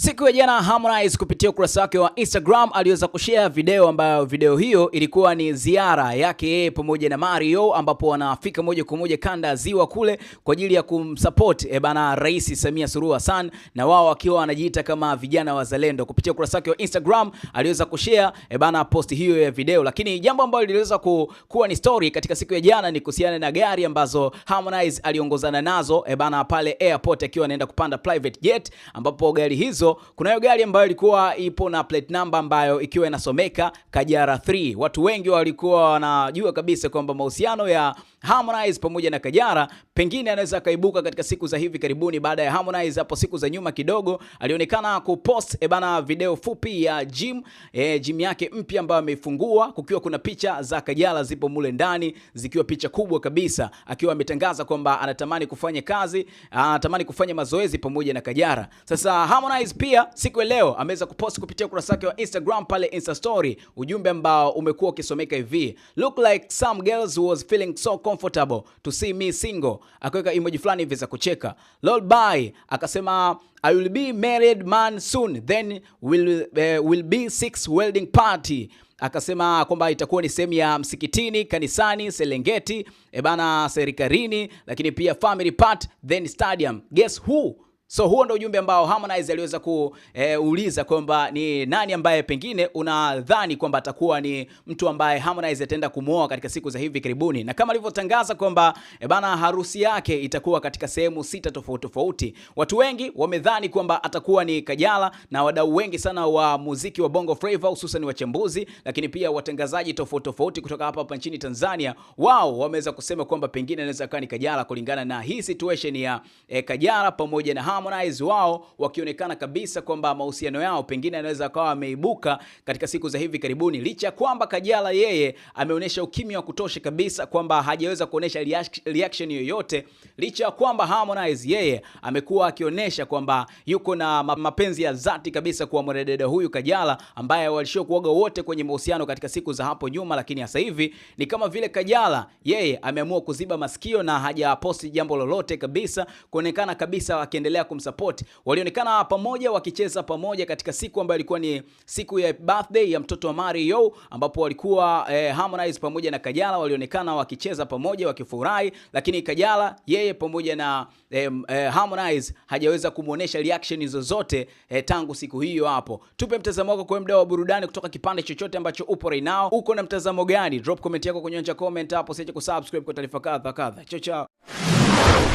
Siku ya jana Harmonize kupitia ukurasa wake wa Instagram aliweza kushare video ambayo video hiyo ilikuwa ni ziara yake yeye pamoja na Mario ambapo wanafika moja kwa moja kanda ya Ziwa kule kwa ajili ya kumsupport e bana Rais Samia Suluhu Hassan na wao wakiwa wanajiita kama vijana wazalendo. Kupitia ukurasa wake wa Instagram aliweza kushare e bana post hiyo ya video, lakini jambo ambalo liliweza kuwa ni story katika siku ya jana ni kuhusiana na gari ambazo Harmonize aliongozana nazo e bana pale airport akiwa anaenda kupanda private jet ambapo gari hizo kuna kunayo gari ambayo ilikuwa ipo na plate number ambayo ikiwa inasomeka Kajara 3. Watu wengi walikuwa wanajua kabisa kwamba mahusiano ya Harmonize pamoja na Kajala pengine anaweza akaibuka katika siku za hivi karibuni, baada ya Harmonize hapo siku za nyuma kidogo alionekana kupost e bana video fupi ya gym e, gym yake mpya ambayo ameifungua, kukiwa kuna picha za Kajala zipo mule ndani zikiwa picha kubwa kabisa, akiwa ametangaza kwamba anatamani kufanya kazi, anatamani kufanya mazoezi pamoja na Kajala. Sasa Harmonize pia siku ya leo ameweza kupost kupitia ukurasa wake wa Instagram pale Insta story ujumbe ambao umekuwa ukisomeka hivi look like some girls was feeling so cold comfortable to see me single, akaweka emoji fulani hivi za kucheka. Lol bye akasema I will be married man soon then will, uh, will be six wedding party akasema kwamba itakuwa ni sehemu ya msikitini, kanisani, Serengeti, ebana, eh, serikalini, lakini pia family part then stadium. Guess who So huo ndo ujumbe ambao Harmonize aliweza kuuliza eh, e, kwamba ni nani ambaye pengine unadhani kwamba atakuwa ni mtu ambaye Harmonize ataenda kumuoa katika siku za hivi karibuni, na kama alivyotangaza kwamba e, bana harusi yake itakuwa katika sehemu sita tofauti tofauti. Watu wengi wamedhani kwamba atakuwa ni Kajala na wadau wengi sana wa muziki wa Bongo Flava hususan wachambuzi, lakini pia watangazaji tofauti tofauti kutoka hapa hapa nchini Tanzania, wao wameweza kusema kwamba pengine anaweza kuwa ni Kajala kulingana na hii situation ya e, Kajala pamoja na Harmonize. Harmonize wao wakionekana kabisa kwamba mahusiano yao pengine yanaweza akawa ameibuka katika siku za hivi karibuni, licha ya kwamba Kajala yeye ameonyesha ukimya wa kutosha kabisa kwamba hajaweza kuonyesha reaction yoyote, licha ya kwamba Harmonize yeye amekuwa akionyesha kwamba yuko na mapenzi ya dhati kabisa kwa mwanadada huyu Kajala ambaye walishio kuoga wote kwenye mahusiano katika siku za hapo nyuma, lakini sasa hivi ni kama vile Kajala yeye ameamua kuziba masikio na hajaposti jambo lolote kabisa, kuonekana kabisa akiendelea kumsupport. Walionekana pamoja wakicheza pamoja katika siku ambayo ilikuwa ni siku ya birthday ya mtoto wa Mario, ambapo walikuwa eh, Harmonize pamoja na Kajala walionekana wakicheza pamoja wakifurahi, lakini Kajala yeye pamoja na eh, eh, Harmonize hajaweza kumuonesha reaction zozote eh, tangu siku hiyo hapo. Tupe mtazamo wako kwa mda wa burudani kutoka kipande chochote ambacho upo right now. Uko na mtazamo gani? Drop comment yako kwenye comment hapo, usiache kusubscribe kwa taarifa kadha kadha. Chao chao.